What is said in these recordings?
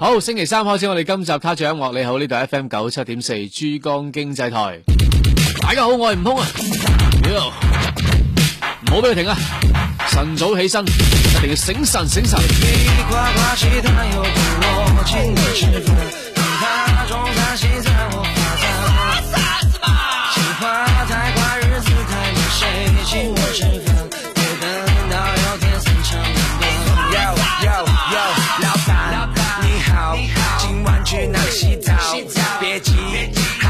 好，星期三開始我哋今集卡住音樂。你好，呢度 F M 九七點四珠江經濟台。 大家好，我係悟空啊，唔好俾佢停啊！晨早起身一定要醒神醒神。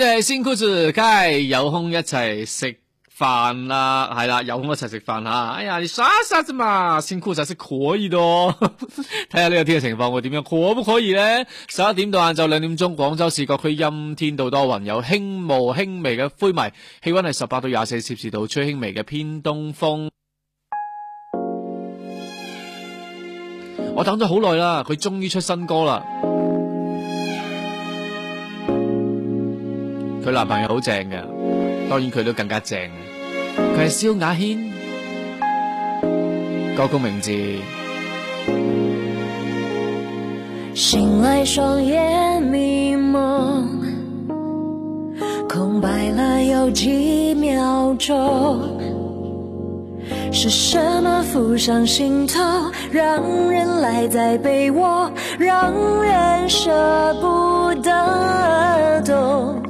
即係新褲子，梗係有空一齊食飯啦，係啦，有空一齊食飯啦。哎呀，你耍耍啫嘛，新褲子先可以咯。睇下呢個天嘅情況會點樣，可唔可以咧？十一點到晏晝兩點鐘，廣州市各區陰天到多雲，有輕霧、輕微嘅灰霾，氣溫係十八到廿四攝氏度，吹輕微嘅偏東風。 我等咗好耐啦，佢終於出新歌啦。佢男朋友好正㗎，當然佢都更加正。佢係蕭亞軒，歌曲名字醒來，雙眼迷濛，空白了有幾秒鐘，是什麼浮上心頭，讓人賴在被窩，讓人捨不得懂。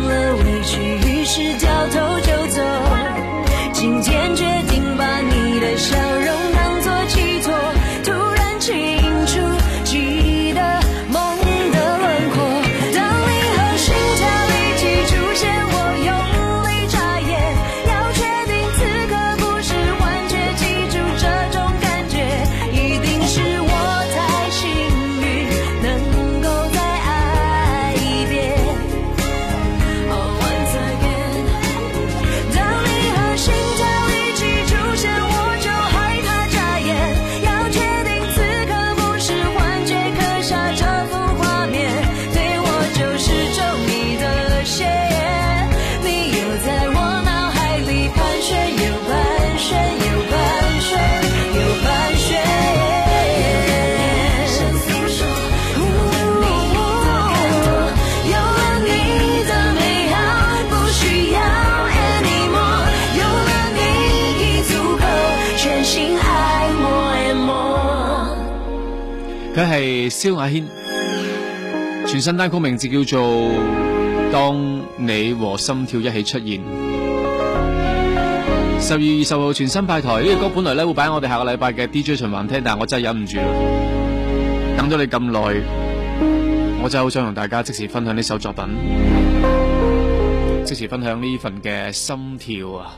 係蕭亞軒全新單曲，名字叫做《當你和心跳一起出現》。十二月十號全新派台呢、這個歌本來咧會擺喺我哋下個禮拜嘅 DJ 循環聽，但係我真係忍唔住啦。等咗你咁耐，我真係好想同大家即時分享呢首作品，即時分享呢份嘅心跳啊！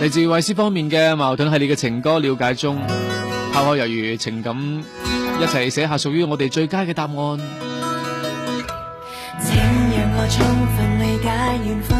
嚟自衛斯方面嘅矛盾係你嘅情歌了解中拋開猶豫情感一齊寫下屬於我哋最佳嘅答案。請讓我充分理解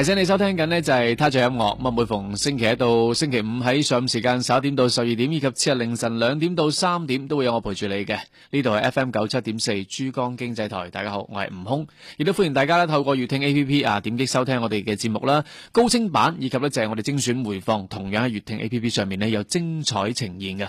提醒你收聽緊咧就係 Touch 音樂，咁啊每逢星期一到星期五喺上午時間十一點到十二點，以及次日凌晨兩點到三點，都會有我陪住你嘅。呢度係 FM 九七點四珠江經濟台，大家好，我係吳空，亦都歡迎大家咧透過粵聽 A P P 啊點擊收聽我哋嘅節目啦，高清版以及咧就係我哋精選回放，同樣喺粵聽 A P P 上面咧有精彩呈現嘅。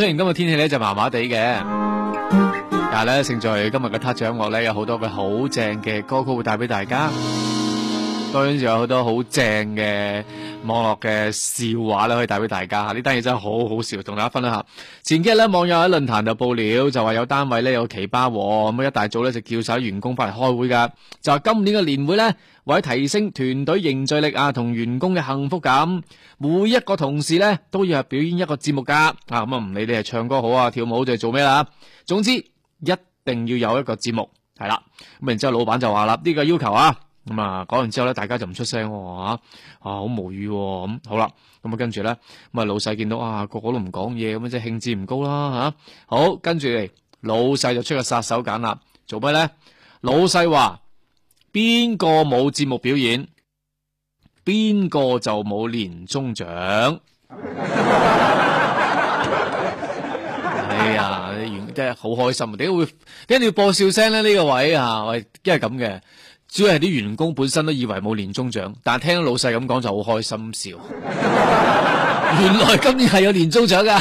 雖然今日天氣咧就麻麻地嘅，但係咧勝在今日嘅他掌樂咧有好多嘅好正嘅歌曲會帶俾大家，當然仲有好多好正嘅。網絡嘅笑話咧，可以帶俾大家。呢單嘢真係好好笑，同大家分享下。前幾日咧，網友喺論壇度報料，就話有單位咧有奇葩，咁一大早咧就叫晒員工翻嚟開會噶。就話今年嘅年會咧，為提升團隊凝聚力啊，同員工嘅幸福感，每一個同事咧都要係表演一個節目噶。啊，咁啊唔理你係唱歌好啊，跳舞就係做咩啦？總之一定要有一個節目係啦。咁然之後老闆就話啦，呢個要求啊。咁啊，講完之後咧，大家就唔出聲吓，啊好、啊、無語咁、啊啊，好啦，咁啊跟住咧，咁啊老細見到啊，個個都唔講嘢，咁啊即係興致唔高啦吓、啊，好，跟住嚟，老細就出個殺手鐧啦，做咩咧？老細話，邊個冇節目表演，邊個就冇年終獎。 哎呀，原即係好開心，點解會跟住要播笑聲咧？呢、呢個位啊喂，因為咁嘅。主要係啲員工本身都以為冇年終獎，但係聽到老細咁講就好開心笑。 原來今年係有年終獎㗎，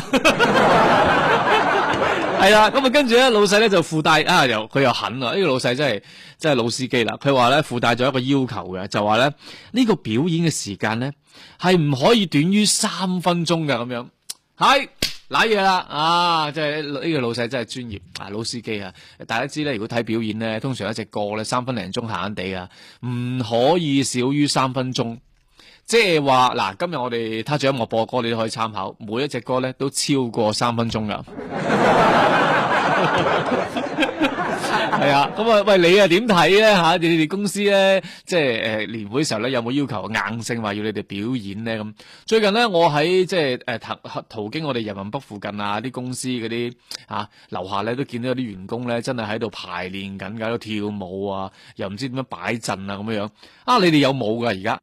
係 啦。咁啊，跟住咧，老細咧就附帶啊，又佢又狠啊，呢個老細真係真係老司機啦。佢話咧，附帶咗一個要求嘅，就話咧呢個表演嘅時間咧係唔可以短於三分鐘嘅咁樣，係。瀨嘢啦！啊，即係呢個老細真係專業啊，老司機啊！大家知咧，如果睇表演咧，通常一隻歌咧三分零鐘閒閒地噶，唔可以少於三分鐘。即係話嗱，今日我哋他唱音樂播歌，你都可以參考，每一隻歌咧都超過三分鐘噶。 係啊，咁啊，喂，你啊點睇咧吓？你哋公司咧，即係誒，年會時候咧有冇要求硬性話要你哋表演咧咁？最近咧，我喺即係誒途經我哋人民北附近啊，啲公司嗰啲啊樓下咧都見到有啲員工咧真係喺度排練緊，喺度跳舞啊，又唔知點樣擺陣啊咁樣樣啊！你哋有冇噶而家？